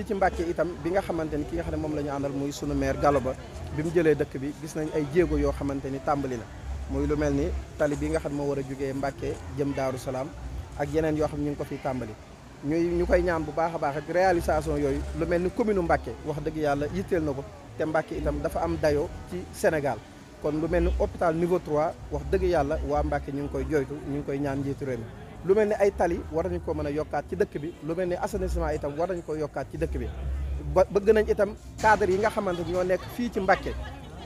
fii ci Mbàkke itam bi nga xamante ni ki nga xam ne moom la ñu àndal muy sunu maire Gallo Ba bi mu jëlee dëkk bi gis nañ ay jéego yoo xamante ni tàmbali na muy lu mel ni tali bi nga xam moo war a jógee mbakke jëm Daaru Salaam ak yeneen yoo xam ñu ngi ko fiy tàmbali ñuy ñu koy ñaan bu baax a baax ak réalisation yooyu lu mel ni commune Mbàkke wax dëgg yàlla yitteel na ko te Mbàkke itam dafa am dayo ci Sénégal kon lu mel ni hôpital niveau 3 wax dëgg yàlla waa Mbàkke ñu ngi koy jooytu ñu ngi koy ñaan njiitu réew mi lu mel ni ay tali war nañu ko mën a yokkaat ci dëkk bi lu mel ne assainissement itam war nañu ko yokkaat ci dëkk bi ba bëgg nañ itam cadre yi nga xamante ñoo nekk fii ci Mbàkke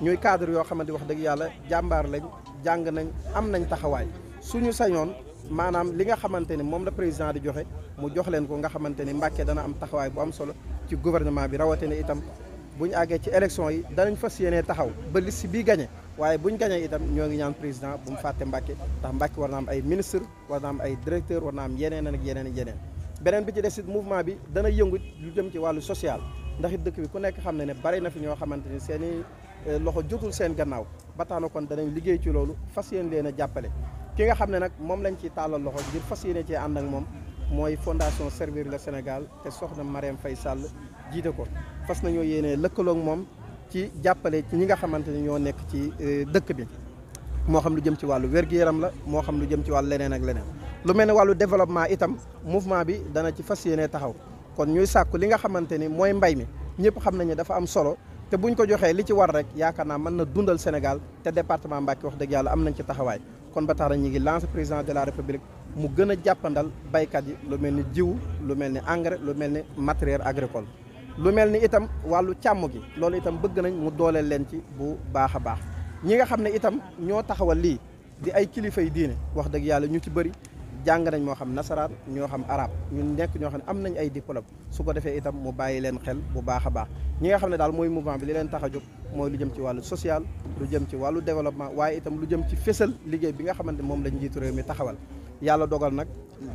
ñooy cadre yoo xamante wax dëgg yàlla jàmbaar lañ jàng nañ am nañ taxawaay suñu sañoon maanaam li nga xamante ni moom la président di joxe mu jox leen ko nga xamante ni Mbàkke dana am taxawaay bu am solo ci gouvernement bi rawatina itam bu ñu àggee ci élection yi danañ fas yéenee taxaw ba liste bii gañe waaye bu ñu gañee itam ñoo ngi ñaan président bu mu fàttee Mbàkke ndax Mbàkke war na am ay ministre war na am ay directeur war na am yeneen nag yeneen ak yeneen beneen bi ci des it mouvement bi dana yëngu lu jëm ci wàllu social ndax dëkk bi ku nekk xam ne ne bari na fi ñoo xamante ni seen eh, loxo jotul seen gannaaw ba tax kon danañ liggéey ci loolu fas yéene leen a jàppale xam ne nag moom lañ ciy tàllal loxo ngir fas yéene cee ànd ak moom mooy fondation Servir le Sénégal te soxna Marième fay Sall jiite ko fas nañoo yéene lëkkaloog moom ci jàppale ci ñi nga xamante ni ñoo nekk ci euh, dëkk bi moo xam lu jëm ci wàllu wér-gu-yaram la moo xam lu jëm ci wàllu leneen ak leneen lu mel ne wàllu développement itam mouvement bi dana ci fas yéene taxaw kon ñuy sàkku li nga xamante ni mooy mbay mi ñëpp xam nañu dafa am solo te buñ ko joxee li ci war rek yaakaar naa mën na dundal Sénégal te departement Mbacké wax dëgg yàlla am nañ ci taxawaay kon ba tax na ñu ngi lancé président de la république mu gën a jàppandal baykat yi lu mel ni jiw lu mel ni engrais lu mel ni matériel agricole lu mel ni itam wàllu càmm gi loolu itam bëgg nañ mu dooleel leen ci bu baax a baax ñi nga xam ne itam ñoo taxawal lii di ay kilifay diine wax dëgg yàlla ñu ci bëri jàng nañ moo xam nasaraan ñoo xam arab ñun nekk ñoo xam ne am nañ ay diplôme su ko defee itam mu bàyyi leen xel bu baax a baax ñi nga xam ne daal mooy mouvement bi li leen tax a mooy lu jëm ci wàllu social lu jëm ci wàllu développement waaye itam lu jëm ci fésal liggéey bi nga xamante moom lañ njiitu réew mi taxawal yàlla dogal nag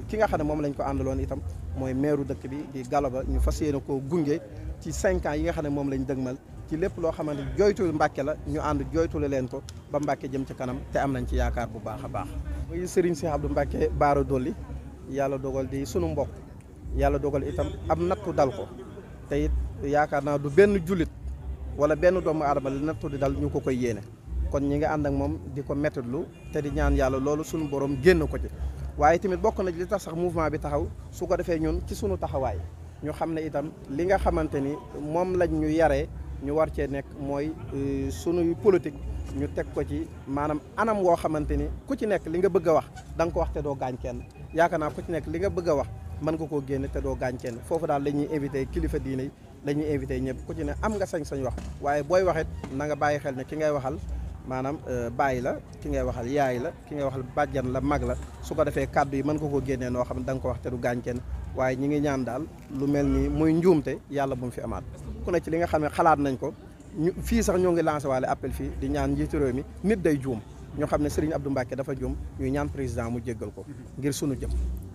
ki nga xam ne moom lañ ko àndaloon itam mooy meeru dëkk bi di Galaba ñu fas yéene koo gunge ci cinq yi nga xam ne moom lañ mal ci lépp loo xamante jooytul Mbàkke la ñu ànd jooytule leen ko ba Mbàkke jëm ci kanam te am nañ ci yaakaar bu baax a baax. muy Serigne Cheikh Abdou Mbacke Baara Dolli yàlla dogal di sunu mbokk yàlla dogal itam am nattu dal ko te yaakaar naa du benn jullit wala benn doomu aadama li nattu di dal ñu ko koy yéene kon ñi ngi ànd ak moom di ko méttitlu te di ñaan yàlla loolu sunu borom génn ko ci. waaye tamit bokk na li tax sax mouvement bi taxaw su ko defee ñun ci suñu taxawaay ñu xam ne itam li nga xamante ni moom lañ ñu yaree ñu war cee nekk mooy euh, sunuy politique ñu teg ko ci maanaam anam woo xamante ni ku ci nekk li nga bëgg wax da nga ko wax te doo gaañ kenn yaakaar naa ku ci nekk li nga bëgg a wax mën nga koo génne te doo gaañ kenn foofu daal la ñuy invité kilifa diine yi la ñuy invité ñëpp ku ci ne am nga sañ-sañ wax waaye booy waxit na nga bàyyi xel ne ki ngay waxal maanaam euh, bàyyi la ki ngay waxal yaay la ki ngay waxal bàjjan la mag la su ko defee kàddu yi mën ko ko génnee noo xam ne danga ko wax te du gànceen waaye ñi ngi ñaan daal lu mel ni muy njuumte yàlla bu mu fi amaat ku ne ci li nga xam ne xalaat nañ ko ñu fii sax ñoo ngi lancé waale appel fii di ñaan njiitu mi nit day juum ñoo xam ne Serigne Abdou Mbacke dafa juum ñuy ñaan président mu jéggal ko ngir sunu jëm